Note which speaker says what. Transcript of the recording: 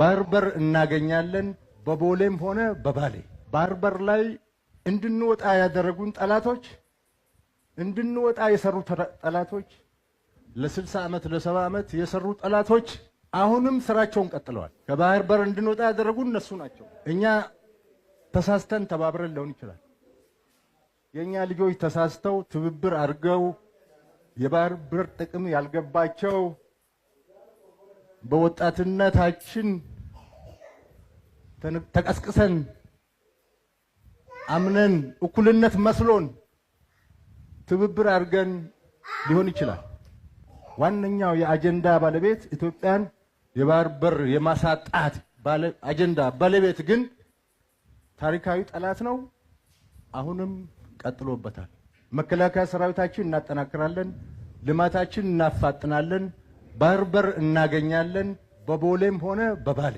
Speaker 1: ባርበር እናገኛለን። በቦሌም ሆነ በባሌ ባርበር ላይ እንድንወጣ ያደረጉን ጠላቶች እንድንወጣ የሰሩ ጠላቶች ለ60 ዓመት ለ70 ዓመት የሰሩ ጠላቶች አሁንም ስራቸውን ቀጥለዋል። ከባህር በር እንድንወጣ ያደረጉን እነሱ ናቸው። እኛ ተሳስተን ተባብረን ሊሆን ይችላል። የእኛ ልጆች ተሳስተው ትብብር አድርገው የባህር በር ጥቅም ያልገባቸው በወጣትነታችን ተቀስቅሰን አምነን እኩልነት መስሎን ትብብር አድርገን ሊሆን ይችላል። ዋነኛው የአጀንዳ ባለቤት ኢትዮጵያን የባህር በር የማሳጣት አጀንዳ ባለቤት ግን ታሪካዊ ጠላት ነው። አሁንም ቀጥሎበታል። መከላከያ ሰራዊታችን እናጠናክራለን። ልማታችን እናፋጥናለን። ባርበር እናገኛለን። በቦሌም ሆነ በባሌ